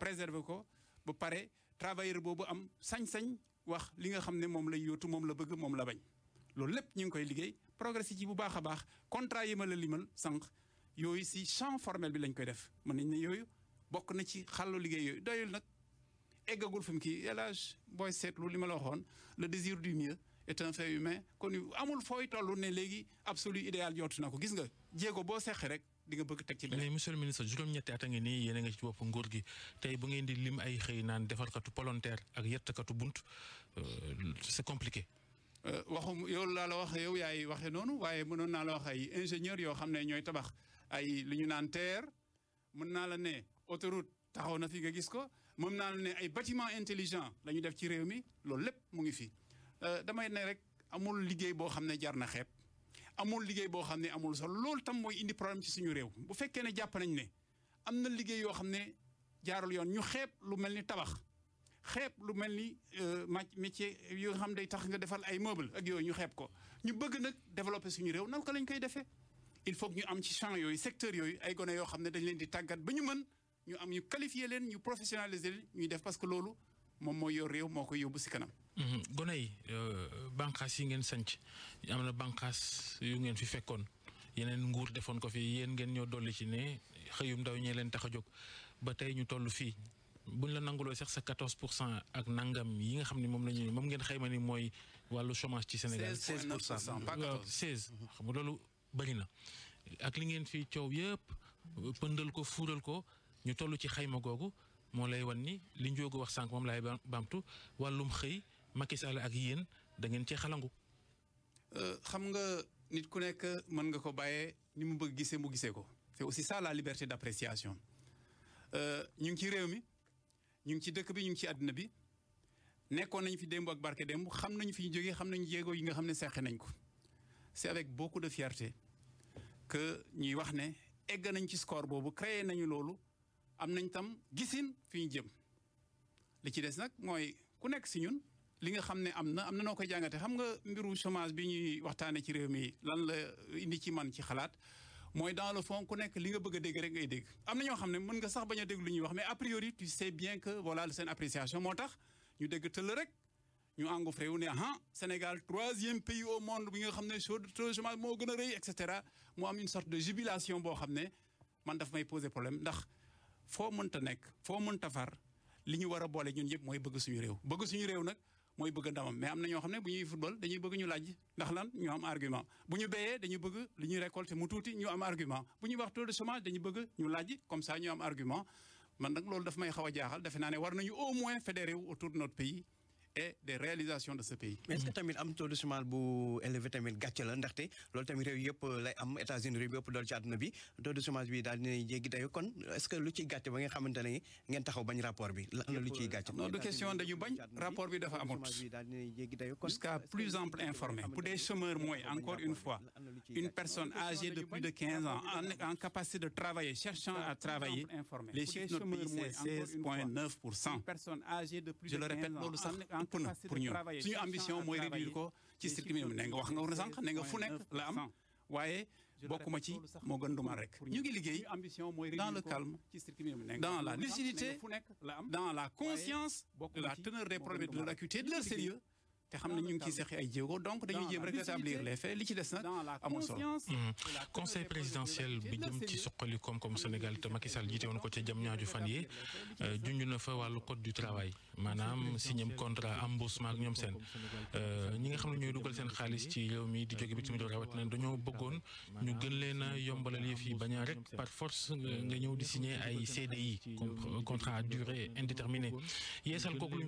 préserver ko ba pare travailleur boobu am sañ-sañ wax li nga xam ne moom lay yóotu moom la bëgg moom la bañ loolu lépp ñu ngi koy liggéey progressé ci bu baax a baax contrat yi ma la limal sànq yooyu si champ formel bi lañ koy def mën nañ ne yooyu bokk na ci xàllu liggéey yooyu doyul nag eggagul fi mu kii élage booy seetlu li ma la waxoon le désir du mieux est un fait humain kon amul fooy tollu ne léegi absolu idéal yootu na ko gis nga jéego boo seqee rek di nga bëgg teg ci leneen. mais monsieur le ministre juróom-ñetti at a ngi nii yéen a ngi nguur gi tey bu ngeen di lim ay xëy naan defarkatu volontaire ak katu bunt euh, c'est compliqué. Euh, waxum yow laa la wax yow yaay waxee noonu waaye mënoon naa la wax ay ingénieur yoo xam ne ñooy tabax ay lu ñu naan TER mën naa la ne autoroute taxaw na fi nga gis ko mën naa la ne ay bâtiment intelligent la ñu def ci réew mi loolu lépp mu ngi fi euh, damay ne rek amul liggéey boo xam ne jar na xeeb. amul liggéey boo xam ne amul sol loolu tam mooy indi problème suñu réew bu fekkee ne jàpp nañ ne am na liggéey yoo xam ne jaarul yoon ñu xeeb lu mel ni tabax xeeb lu mel ni euh, métier yoo xam day tax nga defal ay meuble ak yooyu ñu xeeb ko ñu bëgg nag développer suñu réew naka lañ koy defee il faut ñu am ci champs yooyu secteurs yooyu ay gone yoo xam ne dañ leen di tàggat ba ñu mën ñu am ñu qualifier leen ñu professionnaliser leen ñuy def parce que loolu moom mooy yor réew moo koy yóbbu si kanam Mhm. gone yi euh, bànqaas yi ngeen sanc am na bànqaas yu ngeen fi fekkoon yeneen nguur defoon ko fi yéen ngeen ñoo dolli ci ne xëyum ndaw ñee leen tax a jóg ba tey ñu toll fii buñ la nanguloo sax sa 14 pour cent ak nangam yi nga xam ne moom la ñu moom ngeen xayma ni mooy wàllu chômage ci Sénégal. 16 pour cent waaw 16. xam nga loolu bëri na ak li ngeen fi coow yëpp pëndal ko fuural ko ñu toll ci xayma googu moo lay wan ni li Ndiogou wax sànq moom laay bamtu wàllum xëy. Macky Sall ak yéen da ngeen cee xalangu. Euh, xam nga nit ku nekk mën nga ko bàyyee ni mu bëgg gisee mu gisee ko c'est aussi ça la liberté d'appréciation euh, ñu ngi ci réew mi ñu ngi ci dëkk bi ñu ngi ci àddina bi nekkoon nañu fi démb ak barke démb xam nañu fi ñu jógee xam nañu jéego yi nga xam ne seq nañ ko c'est avec beaucoup de fierté que ñuy wax ne egg nañ ci score boobu créé nañu loolu am nañ tam gisin fi ñu jëm li ci des nag mooy ku nekk si ñun. li nga xam ne am na am na noo koy jàngate xam nga mbiru chômage bi ñuy waxtaanee ci réew mi lan la indi ci man ci xalaat mooy dans le fond ku nekk li nga bëgg a dégg rek ngay dégg. am na ñoo xam ne mën nga sax bañ a dégg lu ñuy wax mais a priori tu sais bien que voilà seen appréciation moo tax ñu dégg tëll rek ñu engouffré wu ne ah Sénégal troisième pays au monde bi nga xam ne taux chômage moo gën a rëy et cetera mu am une de jubilation boo xam ne man daf may poser problème ndax foo mënta nekk foo mënta far li ñu war a boole ñun yëpp mooy bëgg suñu réew bëgg suñu réew nag. mooy bëgg ndamam mais am na ñoo xam ne bu ñuy football dañuy bëgg ñu laaj ndax lan ñu am argument bu ñu béyee dañuy bëgg li ñuy récolter mu tuuti ñu am argument bu ñu wax taux de chômage dañuy bëgg ñu laaj comme ça ñu am argument man nag loolu daf may xaw a jaaxal defe naa ne war nañu au moins fédéré autour de notre et des est tamit am taux de bu élevé tamit gàcce la ndaxte loolu tamit réew yëpp lay am États-Unis réew yëpp dool ci àdduna bi taux de bi daal dina jéggi dayo kon est-ce que lu ciy gàcce ba nga xamante ne ngeen taxaw bañ rapport bi lan la lu ciy gàcce. non du question dañu bañ rapport bi dafa amut. jusqu'à plus ample informé pour des chômeurs mooy encore une fois une personne âgée de plus de quinze ans en capacité de travailler cherchant à travailler le répète ëpp na pour ñun suñu ambition mooy réduire ko ci strict minimum nga wax nga war na sànq ne nga fu nekk la am waaye bokkuma ci moo gën du man rek ñu ngi liggéey dans la lucidité dans la conscience la teneur des problèmes de leur acuité de leur sérieux te xam ne ñu ngi ciy seqi ay jéego donc dañuy jéem rek rétablir les faits li ci des nag amul solo. Mmh. conseil présidentiel bi jëm ci suqali koom-koom Sénégal te Macky jiite woon ko ca jam ñaaju fan yi euh, junj na fa wàllu maanaam signé contrat embauchement ak ñoom seen euh, ñi nga xam ne ñooy dugal seen xaalis ci réew mi di jóge bitim réew rawat na dañoo bëggoon ñu gën leen a yombalal yëf yi bañ rek par force nga ñëw di signé ay CDI contrat à durée indéterminée yeesal kooku lu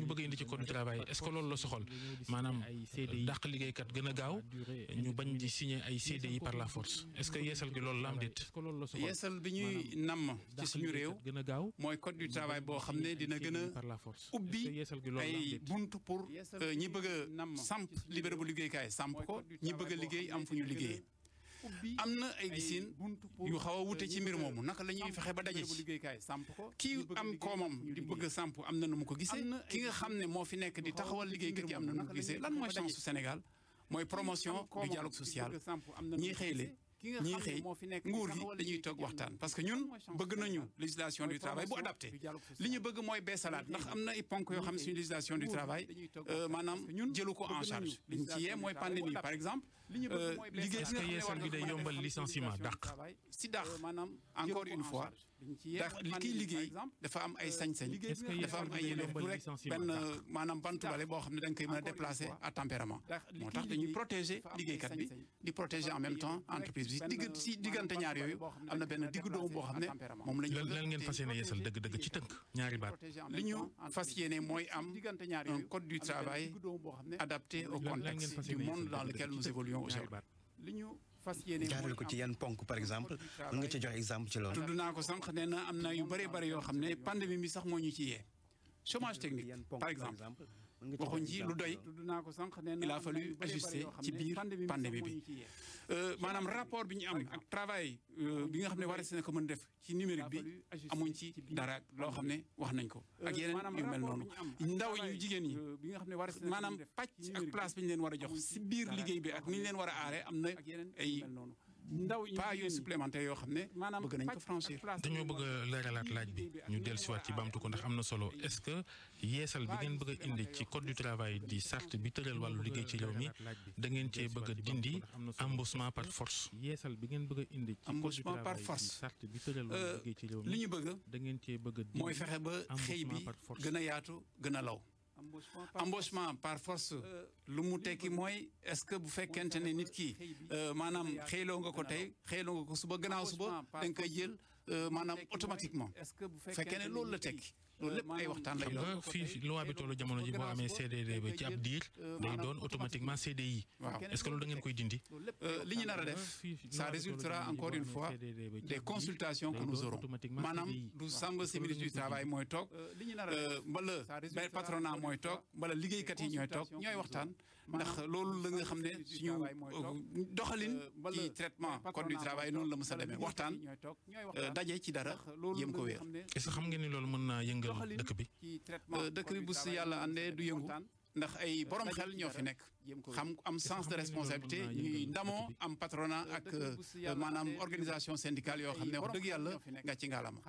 ñu bëgg indi ci code du travail est-ce que loolu la soxal maanaam dàq liggéeykat gën gaaw ñu bañ di signé ay CDI par la force est-ce que yeesal gi loolu la am déet. yeesal bi ñuy namm ci suñu réew mooy code du travail boo xam ne dina gën a ubbi ay bunt pour euh, ñi bëgg a samp libéré bu liggéeykaay samp ko ñi bëgg a liggéey am fu ñu liggéey am na ay gisin yu xaw a wute ci mbir moomu naka la ñuy fexe ba daje ci ki am koomam di bëgg samp am na nu mu ko gisee ki nga xam ne moo fi nekk di taxawal liggéey liggéeykat yi am na nu mu ko gisee lan mooy chance Sénégal mooy promotion du dialogue social ñi xëyle ñi xëy nguur gi dañuy toog waxtaan parce que ñun bëgg nañu législation du travail bu adapté li ñu bëgg mooy beesalaat ndax am na ay ponk yoo xam législation du travail euh, maanaam jëlu ko en charge liñ ci yee mooy pandémie par exemple liggéey bi nga yeesal bi day yombal licenciement dàq. si dàq encore une fois dàq kiy liggéey dafa am ay sañ-sañ. dafa am ay yeneen du rek benn maanaam bantubale boo xam ne da nga koy mën a déplacer à tempérament. moo tax dañuy protéger liggéeykat bi di protéger en même temps entreprise bi digg si diggante ñaar yooyu am na benn diggu doomu boo xam ne moom la ñu. ngeen fas yeesal dëgg-dëgg ci tënk ñaari baat. li ñu fas yéene mooy am code millions aujourd'hui li naa ko sànq nee am na yu bëree bëri yoo xam ne pandémie bi sax moo ñu ci yee chômage technique par exemple waxuñ ci lu doy il a fallu ajuster ci biir pandémie bi euh, maanaam rapport bi ñu am ak travail euh, bi nga xam ne war na ko mën def ci numérique bi amuñ ci dara loo xam ne wax nañ ko euh, ak yeneen yu mel noonu ndaw ñu jigéen ñi maanaam pàcc ak place bi ñu leen war a jox si biir liggéey bi ak ni leen war a aaree am na ay ndaw yi pas yooyu xam ne bëgg nañ ko dañoo bëgg a leeralaat laaj bi ñu dellusiwaat ci baamtu ko ndax am na solo est-ce que yeesal bi ngeen bëgg indi ci code du travail di sart bi tëral wàllu liggéey ci réew mi da ngeen cee bëgg a dindi embauchement par force. yeesal bi ngeen bëgg indi ci code du travail di charte bi tëral wàllu liggéey ci réew mi euh, li ñu bëgg da ngeen cee bëgg a dindi mooy fexe ba xëy bi gën a yaatu gën a law. embauchement par force euh, lu mu tekki mooy est-ce que bu fekkente ne nit ki euh, maanaam xëyloo nga ko tey xëyloo nga ko suba gannaaw suba da nga koy jël euh, maanaam automatiquement fekkee ne loolu la tekki loolu lépp ay waxtaan lay doon. xam nga fii euh, waaw est-ce que loolu da koy dindi. Euh, li a def ça résultera encore une fois des consultations que nous maanaam du sàmm si du travail mooy toog mbala patronat mooy toog mbala liggéeykat yi ñooy toog ñooy waxtaan ndax loolu la nga xam ne suñu euh, doxalin ci traitement code du travail noonu la mës a demee waxtaan daje ci dara yem ko wéer. est-ce xam ngeen ni mën naa yëngal doxalin dëkk bi euh, dëkk bi bu si yàlla àndee du yëngu ndax ay borom euh, xel ñoo fi nekk xam am sens de responsabilité ñuy ndamoo am patronat ak maanaam organisation syndicale yoo xam ne wax yàlla nga ci ngaalama.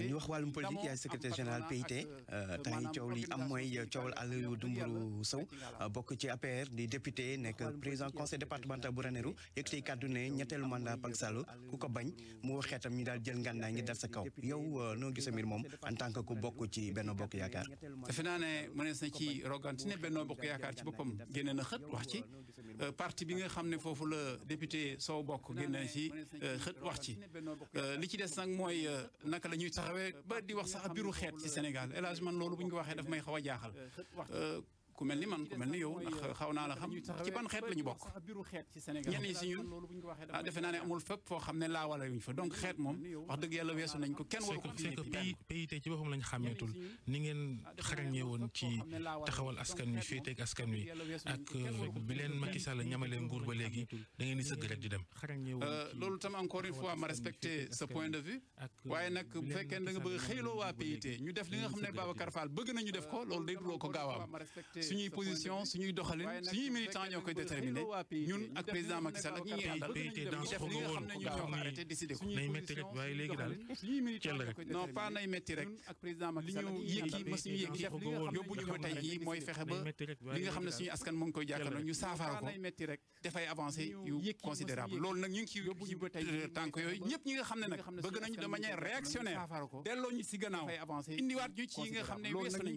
ñu wax wàllum politique yaay secrétaire PIT temps yi coow li am mooy coowal Aliou Dembourou Sow euh, bokk ci APR di député nekk président conseil départemental bu Ranérou yëkkati kàddu ne ñetteelu mandat Pag ku ko bañ mu wax xeetam ñu daal jël ngànnaay ngi dal sa kaw yow euh, noo gisee moom en tant que ku bokk ci Benno Bokk Yaakaar. boppam génne na xët wax ci euh, parti bi nga xam ne foofu la député Sow bokk génne ci euh, xët wax ci euh, li ci des nag mooy naka la ñuy taxawee ba di wax sax biiru xeet ci Sénégal El man loolu bu ñu ko waxee daf may xaw a jaaxal. ku mel ni man ku mel ni yow ndax xaw naa la xam ci ban xeet la ñu bokk ñenn ñi si ñun a ah, defe naa ne amul fépp foo xam ne a yuñ fa donc xeet moom wax dëgg yàlla weesu nañ ko kenn waru ko c'est que ah, nguur ba léegi da di sëgg rek di dem euh, loolu tam encore une fois ma respecté ce point de vue euh, waaye nag bu fekkee da bëgg xëyloo waa PIT ñu def li nga xam ne Babacar Fall bëgg nañu def ko euh, loolu day duloo ko gaawaam suñuy position suñuy doxalin suñuy militants ñoo koy déterminer ñun ak président Macky Sall ak ñu def li nga xam ne ñun ñoo ko arrêté décidé ko. nay métti rek waaye léegi daal cell rek. non pas nay métti rek li ñu yëkki ma suñu ñu ma tey jii mooy fexe ba nga xam ne suñu askan mu ngi koy jàkkaarloo ñu saafara ko dafay yu considérable nga xam ne nag bëgg nañu de manière réactionnaire delloo ñu si gannaaw indiwaat ñu ci nga xam ne weesu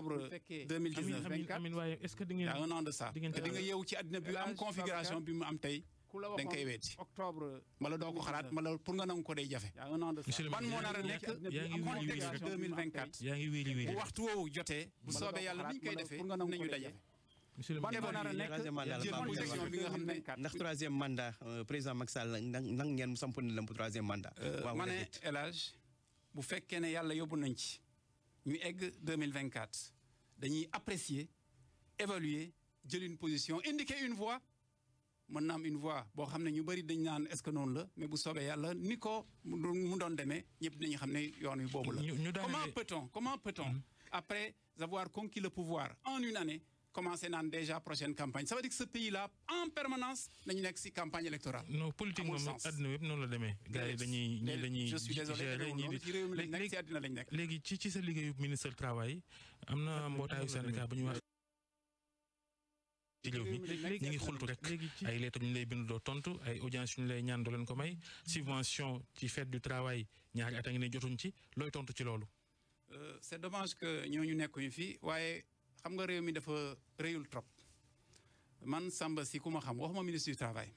octobre deux mille dix neuf amiin amiin waaye est ce que di ban moo nar a nekk contexte waxtu woowu jotee. bu soobee yàlla ni ñu defee nañu daje. ban moo nar a nekk ndax troisième mandat euh, président Macky Sall nang ngeen samp na lamp bu fekkee ne yàlla yóbbu nañ ñu egg 2024 dañuy apprécier évaluer jël une position indiquer une voie mën na am une voie boo xam ne ñu bari dañ naan est-ce que noonu la mais bu soobee yàlla ni ko mu doon demee ñëpp dañu xam ne yoon wi boobu la. comment peut-on comment peut-on après avoir conquis le pouvoir en une année. commencé naan déjà prochaine campagne ça veut dire que ci la demee. gars yi dañuy léegi ci ci sa liggéeyu ministre du travail am na mbootaayu syndicat bu ñu wax. ci ñu ngi xultu rek ay lettre ñu lay bind doo tontu ay audience ñu lay ñaan doo leen ko may subvention ci fête du travail ñaari at a ngi ne jotuñ ci looy tontu ci loolu. Euh, c'est dommage que ñooñu nekkuñu fi waaye xam nga réew mi dafa réyul trop man Samba si ku ma xam waxuma ministre du travail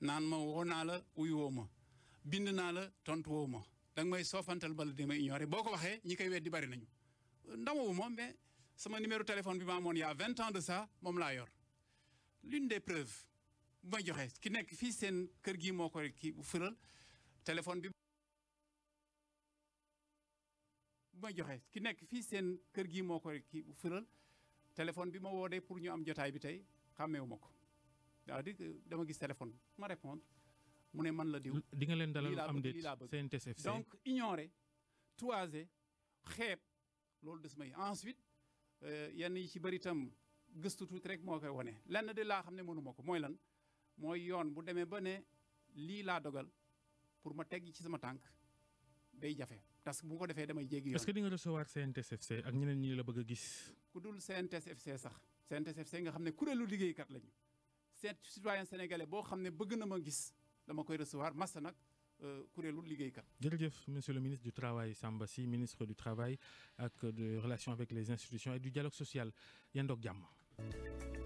naan ma woo naa la uyu ma bind naa la tontu woo ma danga may soofantal di dama ignoré boo ko waxee ñi koy weddi bari nañu ndamawu ma mais sama numéro téléphone bi ma amoon y'a vingt ans de sax moom laa yor l'une des preuves bu may joxe ki nekk fii seen kër gi moo ko ki fëral téléphone bi bu may joxe ki nekk fii seen kër gi moo ko ki fëral téléphone bi ma woo de pour ñu am jotaay bi tey xàmmeewu ma ko cest à dama gis téléphone ma répondre mu ne man la diw. di nga leen dalal am déet seen TSFC donc ignorer toiser xeeb loolu des may ensuite euh, yenn yi ci bëri itam gëstu tuuti rek moo koy wane. lenn de laa xam ne mënu ko mooy lan mooy yoon bu demee ba ne lii laa dogal pour ma teg ci sama tànk day jafe. parce que bu ko defee damay jéggi yoon. est-ce que di nga recevoir CNTS/FC ak ñeneen la bëgg a gis. ku dul cnts sax cnts nga xam ne kuréelu liggéeykat lañu. seen citoyen sénégalais boo xam ne bëgg na ma gis dama koy recevoir massa nag euh, kuréelu liggéeykat. jërëjëf monsieur le ministre du travail Samba Sy ministre du travail ak de relations avec les institutions et du dialogue social yendoog jàmm.